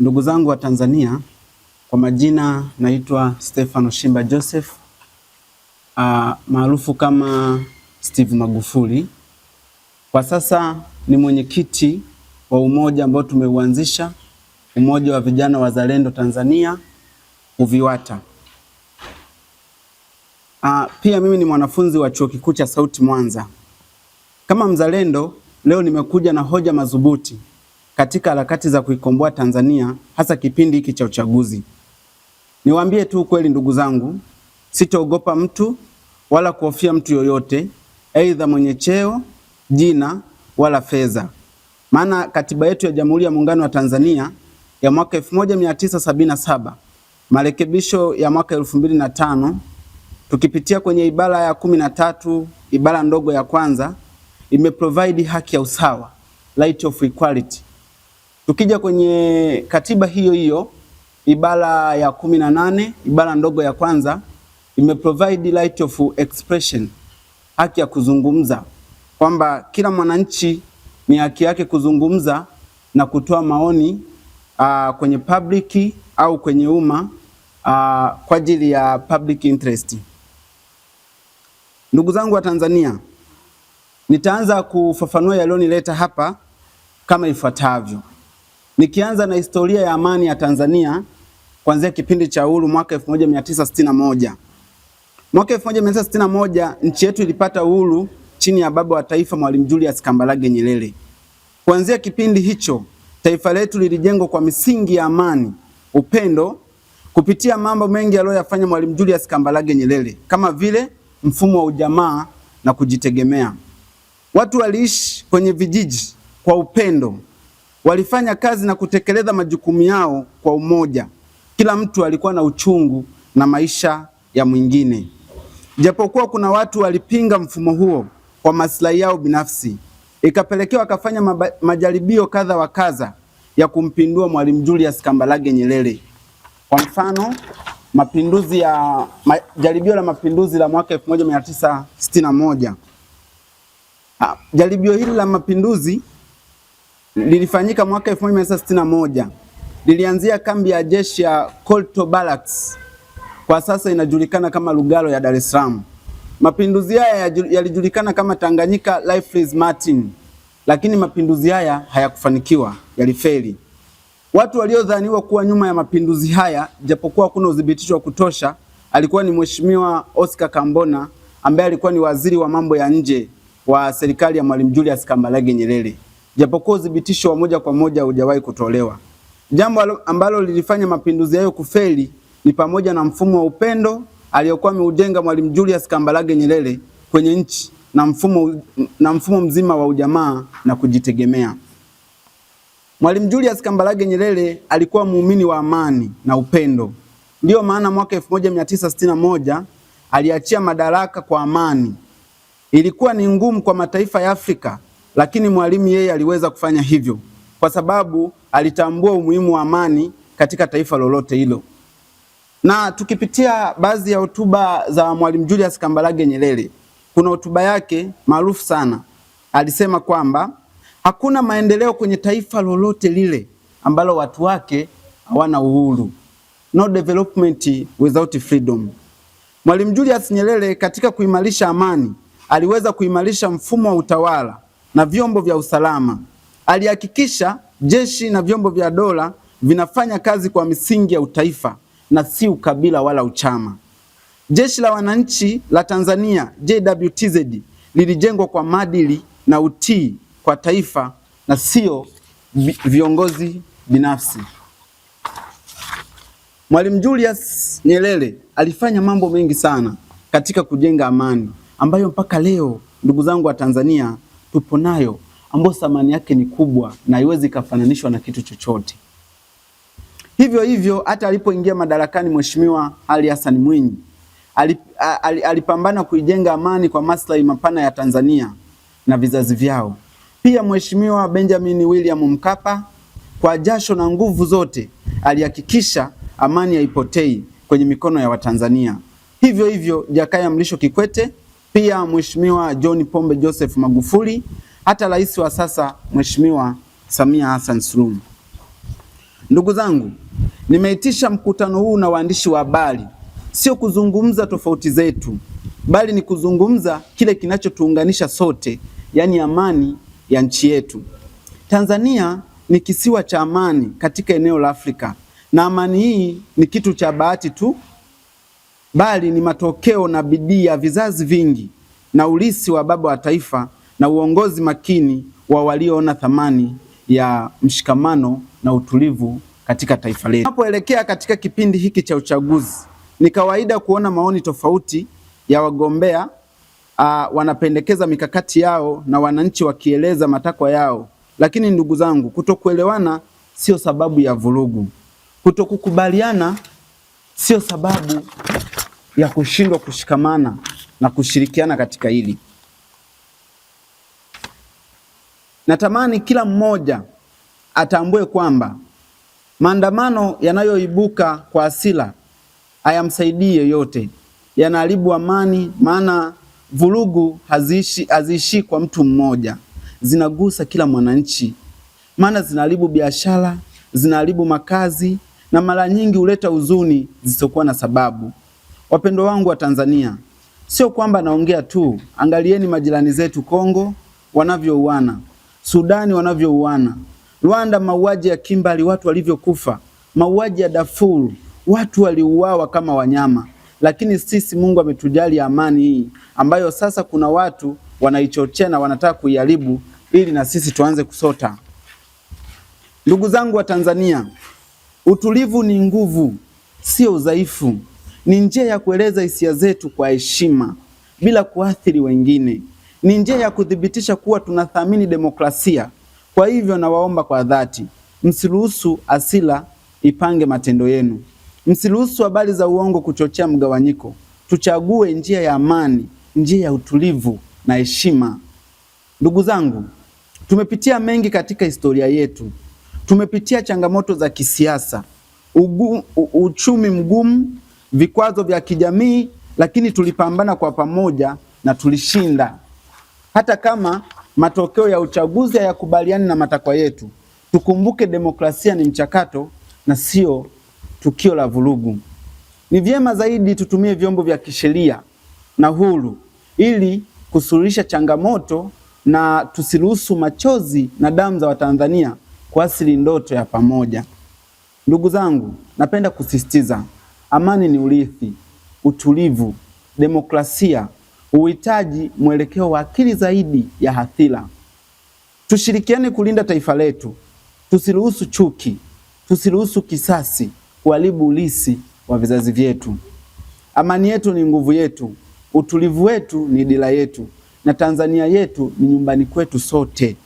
Ndugu zangu wa Tanzania, kwa majina naitwa Stefano Shimba Joseph uh, maarufu kama Steve Magufuli. Kwa sasa ni mwenyekiti wa umoja ambao tumeuanzisha, Umoja wa Vijana Wazalendo Tanzania, UVIWATA. Uh, pia mimi ni mwanafunzi wa Chuo Kikuu cha Sauti Mwanza. Kama mzalendo, leo nimekuja na hoja madhubuti katika harakati za kuikomboa Tanzania hasa kipindi hiki cha uchaguzi. Niwaambie tu kweli ndugu zangu, sitaogopa mtu wala kuhofia mtu yoyote, aidha mwenye cheo, jina wala fedha, maana katiba yetu ya Jamhuri ya Muungano wa Tanzania ya mwaka 1977 marekebisho ya mwaka 2005 tukipitia kwenye ibara ya 13, ibara ndogo ya kwanza imeprovide haki ya usawa, right of equality Tukija kwenye katiba hiyo hiyo ibara ya kumi na nane ibara ndogo ya kwanza provide right of expression, haki ya kuzungumza, kwamba kila mwananchi ni haki yake kuzungumza na kutoa maoni aa, ah, kwenye public au kwenye umma ah, kwa ajili ya public interest. Ndugu zangu wa Tanzania, nitaanza kufafanua yaliyonileta hapa kama ifuatavyo. Nikianza na historia ya amani ya Tanzania kuanzia kipindi cha uhuru mwaka 1961. Mwaka 1961 nchi yetu ilipata uhuru chini ya baba wa taifa Mwalimu Julius Kambarage Nyerere. Kuanzia kipindi hicho taifa letu lilijengwa kwa misingi ya amani, upendo kupitia mambo mengi aliyoyafanya Mwalimu Julius Kambarage Nyerere kama vile mfumo wa ujamaa na kujitegemea. Watu waliishi kwenye vijiji kwa upendo Walifanya kazi na kutekeleza majukumu yao kwa umoja. Kila mtu alikuwa na uchungu na maisha ya mwingine. Japokuwa kuna watu walipinga mfumo huo kwa maslahi yao binafsi, ikapelekewa wakafanya majaribio kadha wa kadha ya kumpindua Mwalimu Julius Kambarage Nyerere. Kwa mfano, mapinduzi ya jaribio la mapinduzi la mwaka 1961. Ah, jaribio hili la mapinduzi lilifanyika mwaka 1961 lilianzia kambi ya jeshi ya Colto Barracks, kwa sasa inajulikana kama Lugalo ya Dar es Salaam. Mapinduzi haya yalijulikana kama Tanganyika Rifles Martin, lakini mapinduzi haya hayakufanikiwa, yalifeli. Watu waliodhaniwa kuwa nyuma ya mapinduzi haya, japokuwa hakuna udhibitisho wa kutosha, alikuwa ni Mheshimiwa Oscar Kambona ambaye alikuwa ni waziri wa mambo ya nje wa serikali ya Mwalimu Julius Kambarage Nyerere japokuwa udhibitisho wa moja kwa moja haujawahi kutolewa. Jambo ambalo lilifanya mapinduzi hayo kufeli ni pamoja na mfumo wa upendo aliyokuwa ameujenga Mwalimu Julius Kambarage Nyerere kwenye nchi na mfumo, na mfumo mzima wa ujamaa na kujitegemea. Mwalimu Julius Kambarage Nyerere alikuwa muumini wa amani na upendo. Ndiyo maana mwaka 1961 aliachia madaraka kwa amani. Ilikuwa ni ngumu kwa mataifa ya Afrika lakini Mwalimu yeye aliweza kufanya hivyo kwa sababu alitambua umuhimu wa amani katika taifa lolote hilo. Na tukipitia baadhi ya hotuba za Mwalimu Julius Kambarage Nyerere, kuna hotuba yake maarufu sana, alisema kwamba hakuna maendeleo kwenye taifa lolote lile ambalo watu wake hawana uhuru, no development without freedom. Mwalimu Julius Nyerere katika kuimarisha amani aliweza kuimarisha mfumo wa utawala na vyombo vya usalama. Alihakikisha jeshi na vyombo vya dola vinafanya kazi kwa misingi ya utaifa na si ukabila wala uchama. Jeshi la Wananchi la Tanzania JWTZ lilijengwa kwa maadili na utii kwa taifa na sio viongozi binafsi. Mwalimu Julius Nyerere alifanya mambo mengi sana katika kujenga amani ambayo mpaka leo ndugu zangu wa Tanzania tupo nayo ambayo thamani yake ni kubwa na haiwezi ikafananishwa na kitu chochote. Hivyo hivyo hata alipoingia madarakani Mheshimiwa Ali Hassan Mwinyi alipambana kuijenga amani kwa maslahi mapana ya Tanzania na vizazi vyao. Pia Mheshimiwa Benjamin William Mkapa kwa jasho na nguvu zote alihakikisha amani haipotei kwenye mikono ya Watanzania. Hivyo hivyo Jakaya Mlisho Kikwete pia Mheshimiwa John Pombe Joseph Magufuli, hata rais wa sasa Mheshimiwa Samia Hassan Suluhu. Ndugu zangu, nimeitisha mkutano huu na waandishi wa habari sio kuzungumza tofauti zetu, bali ni kuzungumza kile kinachotuunganisha sote, yaani amani ya nchi yetu. Tanzania ni kisiwa cha amani katika eneo la Afrika, na amani hii ni kitu cha bahati tu bali ni matokeo na bidii ya vizazi vingi na ulisi wa baba wa taifa na uongozi makini wa walioona thamani ya mshikamano na utulivu katika taifa letu. Tunapoelekea katika kipindi hiki cha uchaguzi, ni kawaida kuona maoni tofauti ya wagombea uh, wanapendekeza mikakati yao na wananchi wakieleza matakwa yao, lakini ndugu zangu, kutokuelewana sio sababu ya vurugu. Kutokukubaliana sio sababu ya kushindwa kushikamana na kushirikiana katika hili. Natamani kila mmoja atambue kwamba maandamano yanayoibuka kwa asila hayamsaidii yoyote yanaharibu amani, maana vurugu haziishi haziishi kwa mtu mmoja, zinagusa kila mwananchi, maana zinaharibu biashara, zinaharibu makazi na mara nyingi huleta huzuni zisizokuwa na sababu. Wapendwa wangu wa Tanzania, sio kwamba naongea tu. Angalieni majirani zetu Kongo wanavyouana, Sudani wanavyouana, Rwanda mauaji ya Kimbali watu walivyokufa, mauaji ya Darfur watu waliuawa kama wanyama, lakini sisi Mungu ametujali amani hii ambayo sasa kuna watu wanaichochea na wanataka kuiharibu ili na sisi tuanze kusota. Ndugu zangu wa Tanzania, utulivu ni nguvu, sio udhaifu ni njia ya kueleza hisia zetu kwa heshima bila kuathiri wengine. Ni njia ya kuthibitisha kuwa tunathamini demokrasia. Kwa hivyo, nawaomba kwa dhati, msiruhusu asila ipange matendo yenu, msiruhusu habari za uongo kuchochea mgawanyiko. Tuchague njia ya amani, njia ya utulivu na heshima. Ndugu zangu, tumepitia mengi katika historia yetu. Tumepitia changamoto za kisiasa, ugu, uchumi mgumu vikwazo vya kijamii, lakini tulipambana kwa pamoja na tulishinda, hata kama matokeo ya uchaguzi hayakubaliani na matakwa yetu. Tukumbuke demokrasia ni mchakato na sio tukio la vurugu. Ni vyema zaidi tutumie vyombo vya kisheria na huru ili kusuluhisha changamoto na tusiruhusu machozi na damu za Watanzania kuasili ndoto ya pamoja. Ndugu zangu, napenda kusisitiza Amani ni urithi, utulivu, demokrasia uhitaji mwelekeo wa akili zaidi ya hasira. Tushirikiane kulinda taifa letu, tusiruhusu chuki, tusiruhusu kisasi kuharibu ulisi wa vizazi vyetu. Amani yetu ni nguvu yetu, utulivu wetu ni dira yetu, na Tanzania yetu ni nyumbani kwetu sote.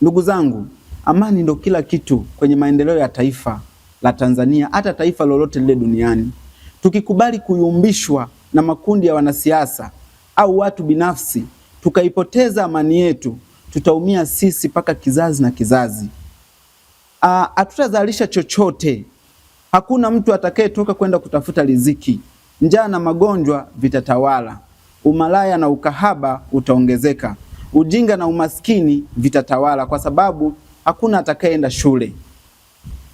Ndugu zangu, amani ndo kila kitu kwenye maendeleo ya taifa la Tanzania, hata taifa lolote lile duniani. Tukikubali kuyumbishwa na makundi ya wanasiasa au watu binafsi, tukaipoteza amani yetu, tutaumia sisi mpaka kizazi na kizazi. Ah, hatutazalisha chochote, hakuna mtu atakayetoka kwenda kutafuta riziki. Njaa na magonjwa vitatawala, umalaya na ukahaba utaongezeka, ujinga na umaskini vitatawala, kwa sababu hakuna atakayeenda shule.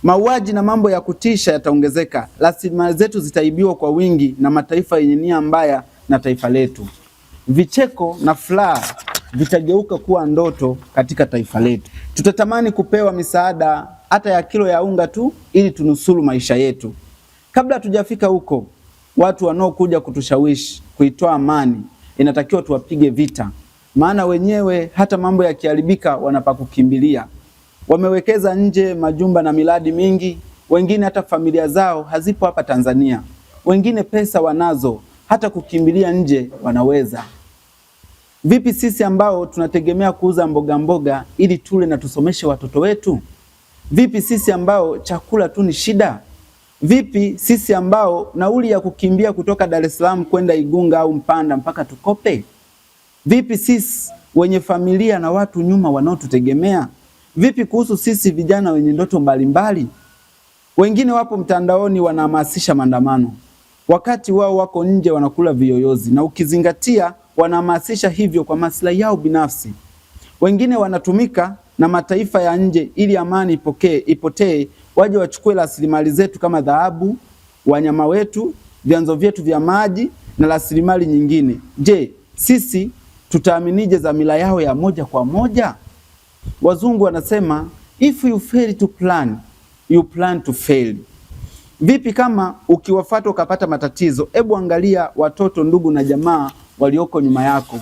Mauaji na mambo ya kutisha yataongezeka, rasilimali zetu zitaibiwa kwa wingi na mataifa yenye nia mbaya na taifa letu. Vicheko na furaha vitageuka kuwa ndoto katika taifa letu. Tutatamani kupewa misaada hata ya kilo ya unga tu ili tunusuru maisha yetu. Kabla hatujafika huko, watu wanaokuja kutushawishi kuitoa amani inatakiwa tuwapige vita, maana wenyewe hata mambo yakiharibika wanapakukimbilia. Wamewekeza nje majumba na miradi mingi, wengine hata familia zao hazipo hapa Tanzania, wengine pesa wanazo, hata kukimbilia nje wanaweza. Vipi sisi ambao tunategemea kuuza mboga mboga ili tule na tusomeshe watoto wetu? Vipi sisi ambao chakula tu ni shida? Vipi sisi ambao nauli ya kukimbia kutoka Dar es Salaam kwenda Igunga au Mpanda mpaka tukope? Vipi sisi wenye familia na watu nyuma wanaotutegemea? Vipi kuhusu sisi vijana wenye ndoto mbalimbali? Wengine wapo mtandaoni wanahamasisha maandamano, wakati wao wako nje wanakula viyoyozi, na ukizingatia wanahamasisha hivyo kwa maslahi yao binafsi. Wengine wanatumika na mataifa ya nje ili amani ipokee ipotee, waje wachukue rasilimali zetu kama dhahabu, wanyama wetu, vyanzo vyetu vya maji na rasilimali nyingine. Je, sisi tutaaminije dhamira yao ya moja kwa moja? wazungu wanasema if you fail to plan you plan to fail. Vipi kama ukiwafuata ukapata matatizo? Hebu angalia watoto, ndugu na jamaa walioko nyuma yako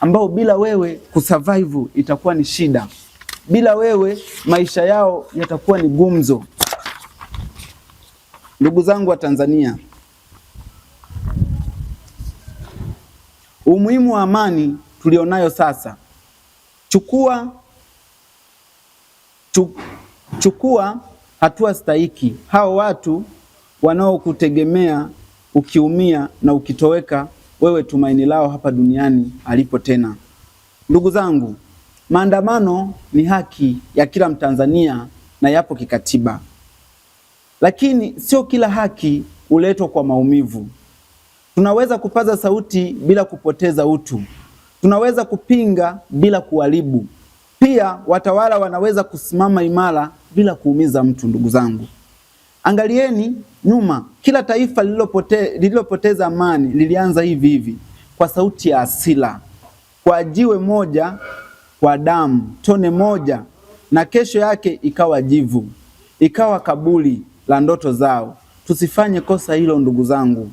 ambao bila wewe kusurvive itakuwa ni shida, bila wewe maisha yao yatakuwa ni gumzo. Ndugu zangu wa Tanzania, umuhimu wa amani tulionayo sasa, chukua chukua hatua stahiki. Hao watu wanaokutegemea ukiumia na ukitoweka, wewe tumaini lao hapa duniani alipo tena. Ndugu zangu, maandamano ni haki ya kila Mtanzania na yapo kikatiba, lakini sio kila haki huletwa kwa maumivu. Tunaweza kupaza sauti bila kupoteza utu. Tunaweza kupinga bila kuharibu. Pia watawala wanaweza kusimama imara bila kuumiza mtu. Ndugu zangu, angalieni nyuma. Kila taifa lililopote, lililopoteza amani lilianza hivi hivi, kwa sauti ya asila, kwa jiwe moja, kwa damu tone moja, na kesho yake ikawa jivu, ikawa kaburi la ndoto zao. Tusifanye kosa hilo ndugu zangu.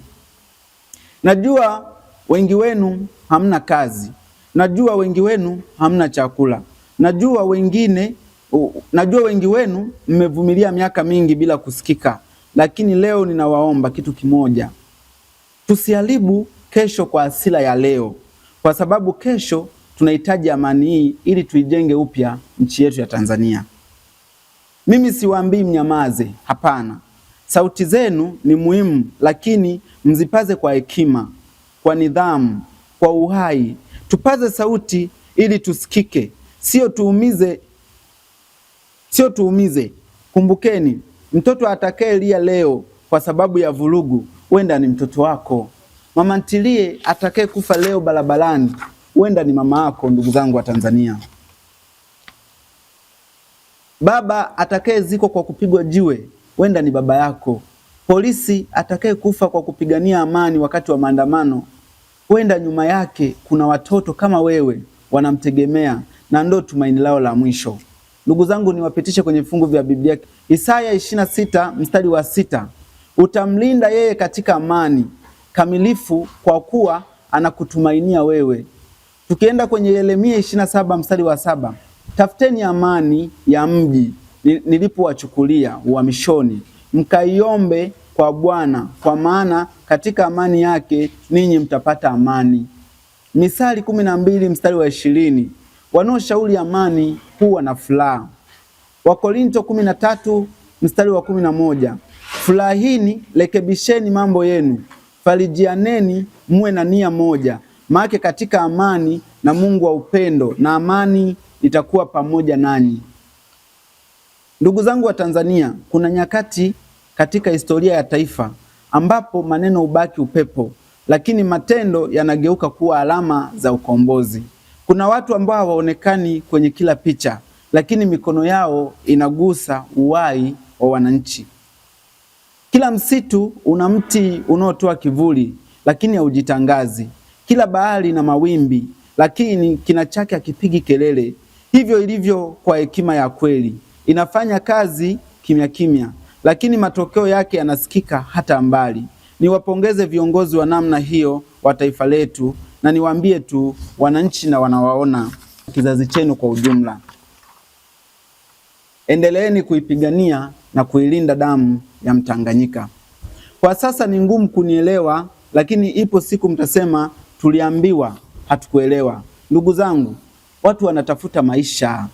Najua wengi wenu hamna kazi, najua wengi wenu hamna chakula Najua wengine uh, najua wengi wenu mmevumilia miaka mingi bila kusikika, lakini leo ninawaomba kitu kimoja, tusiharibu kesho kwa asila ya leo, kwa sababu kesho tunahitaji amani hii ili tuijenge upya nchi yetu ya Tanzania. Mimi siwaambii mnyamaze, hapana. Sauti zenu ni muhimu, lakini mzipaze kwa hekima, kwa nidhamu, kwa uhai. Tupaze sauti ili tusikike, sio tuumize, sio tuumize. Kumbukeni, mtoto atakayelia leo kwa sababu ya vurugu huenda ni mtoto wako. Mama ntilie atakaye kufa leo barabarani huenda ni mama yako. Ndugu zangu wa Tanzania, baba atakayezikwa kwa kupigwa jiwe huenda ni baba yako. Polisi atakaye kufa kwa kupigania amani wakati wa maandamano, huenda nyuma yake kuna watoto kama wewe wanamtegemea na ndo tumaini lao la mwisho. Ndugu zangu, niwapitishe kwenye fungu vya Biblia. Isaya 26 mstari wa sita, utamlinda yeye katika amani kamilifu kwa kuwa anakutumainia wewe. Tukienda kwenye Yeremia 27 mstari wa saba, tafuteni amani ya mji nilipowachukulia uhamishoni, mkaiombe kwa Bwana, kwa maana katika amani yake ninyi mtapata amani. Misali kumi na mbili mstari wa ishirini wanaoshauri amani huwa na furaha. Wakorinto 13 mstari wa 11, furahini, rekebisheni mambo yenu, farijianeni, muwe na nia moja, maake katika amani na Mungu wa upendo na amani itakuwa pamoja nanyi. Ndugu zangu wa Tanzania, kuna nyakati katika historia ya taifa ambapo maneno hubaki upepo, lakini matendo yanageuka kuwa alama za ukombozi. Kuna watu ambao hawaonekani kwenye kila picha, lakini mikono yao inagusa uhai wa wananchi. Kila msitu una mti unaotoa kivuli, lakini haujitangazi. Kila bahari na mawimbi, lakini kina chake hakipigi kelele. Hivyo ilivyo kwa hekima ya kweli, inafanya kazi kimya kimya, lakini matokeo yake yanasikika hata mbali. Niwapongeze viongozi wa namna hiyo wa taifa letu na niwaambie tu wananchi na wanawaona kizazi chenu kwa ujumla, endeleeni kuipigania na kuilinda damu ya Mtanganyika. Kwa sasa ni ngumu kunielewa, lakini ipo siku mtasema tuliambiwa, hatukuelewa. Ndugu zangu, watu wanatafuta maisha,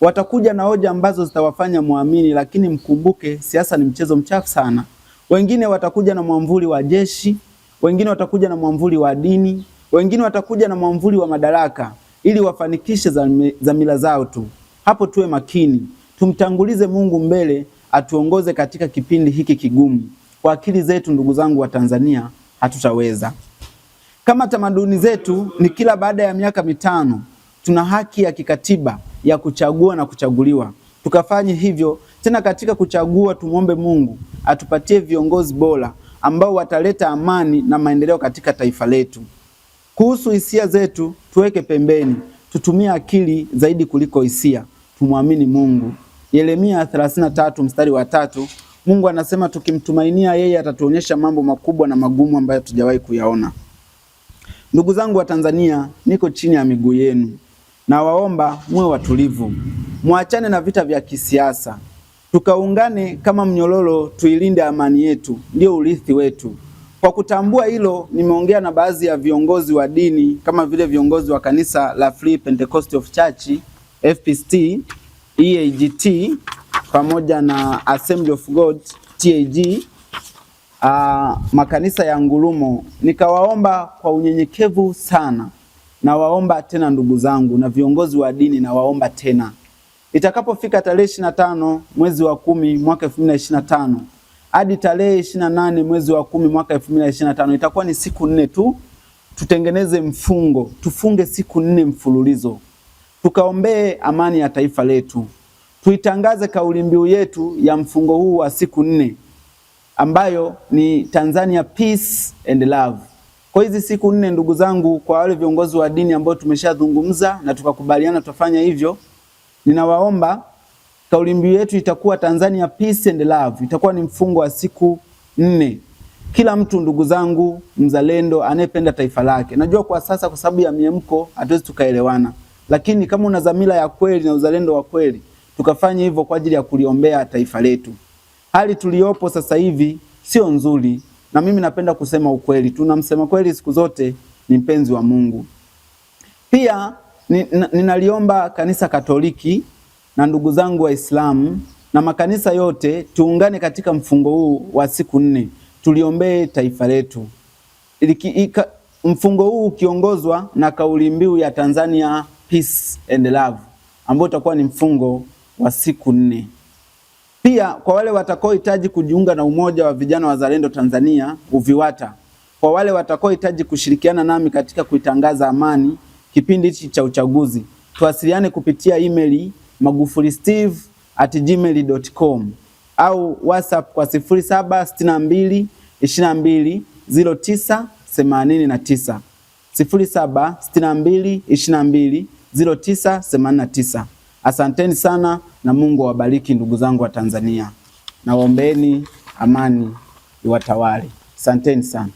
watakuja na hoja ambazo zitawafanya muamini, lakini mkumbuke, siasa ni mchezo mchafu sana. Wengine watakuja na mwamvuli wa jeshi, wengine watakuja na mwamvuli wa dini wengine watakuja na mwamvuli wa madaraka ili wafanikishe dhamira zao tu. Hapo tuwe makini, tumtangulize Mungu mbele, atuongoze katika kipindi hiki kigumu. Kwa akili zetu, ndugu zangu wa Tanzania, hatutaweza. Kama tamaduni zetu ni kila baada ya miaka mitano, tuna haki ya kikatiba ya kuchagua na kuchaguliwa. Tukafanye hivyo tena. Katika kuchagua, tumwombe Mungu atupatie viongozi bora ambao wataleta amani na maendeleo katika taifa letu. Kuhusu hisia zetu tuweke pembeni, tutumie akili zaidi kuliko hisia, tumwamini Mungu. Yeremia 33 mstari wa tatu, Mungu anasema tukimtumainia yeye atatuonyesha mambo makubwa na magumu ambayo hatujawahi kuyaona. Ndugu zangu wa Tanzania, niko chini ya miguu yenu na waomba muwe watulivu, mwachane na vita vya kisiasa, tukaungane kama mnyololo tuilinde amani yetu, ndio urithi wetu. Kwa kutambua hilo, nimeongea na baadhi ya viongozi wa dini kama vile viongozi wa kanisa la Free Pentecost of Church FPCT, e EAGT pamoja na Assembly of God TAG, uh, ah, makanisa ya ngurumo, nikawaomba kwa unyenyekevu sana, nawaomba tena ndugu zangu na viongozi wa dini, nawaomba tena itakapofika tarehe 25 mwezi wa kumi mwaka 2025 hadi tarehe 28 nane mwezi wa kumi mwaka 2025 itakuwa ni siku nne tu. Tutengeneze mfungo, tufunge siku nne mfululizo, tukaombee amani ya taifa letu, tuitangaze kauli mbiu yetu ya mfungo huu wa siku nne ambayo ni Tanzania Peace and Love. Kwa hizi siku nne, ndugu zangu, kwa wale viongozi wa dini ambao tumeshazungumza na tukakubaliana tutafanya hivyo, ninawaomba Kauli mbiu yetu itakuwa Tanzania Peace and Love, itakuwa ni mfungo wa siku nne. Kila mtu ndugu zangu, mzalendo anayependa taifa lake, najua kwa sasa, kwa sababu ya miemko hatuwezi tukaelewana, lakini kama una dhamira ya kweli na uzalendo wa kweli, tukafanya hivyo kwa ajili ya kuliombea taifa letu. Hali tuliyopo sasa hivi sio nzuri, na mimi napenda kusema ukweli. Tunamsema kweli siku zote ni mpenzi wa Mungu. Pia ninaliomba ni kanisa Katoliki na ndugu zangu Waislamu na makanisa yote tuungane katika mfungo huu wa siku nne, tuliombee taifa letu. Mfungo huu ukiongozwa na kauli mbiu ya Tanzania Peace and Love, ambao utakuwa ni mfungo wa siku nne. Pia kwa wale watakaohitaji kujiunga na Umoja wa Vijana Wazalendo Tanzania UVIWATA, kwa wale watakaohitaji kushirikiana nami katika kuitangaza amani kipindi hichi cha uchaguzi, tuwasiliane kupitia email steve magufulisteve@gmail.com au WhatsApp kwa 0762 22 0989 0762 22 0989. Asanteni sana na Mungu awabariki ndugu zangu wa Tanzania, nawaombeeni amani iwatawale. Asanteni sana.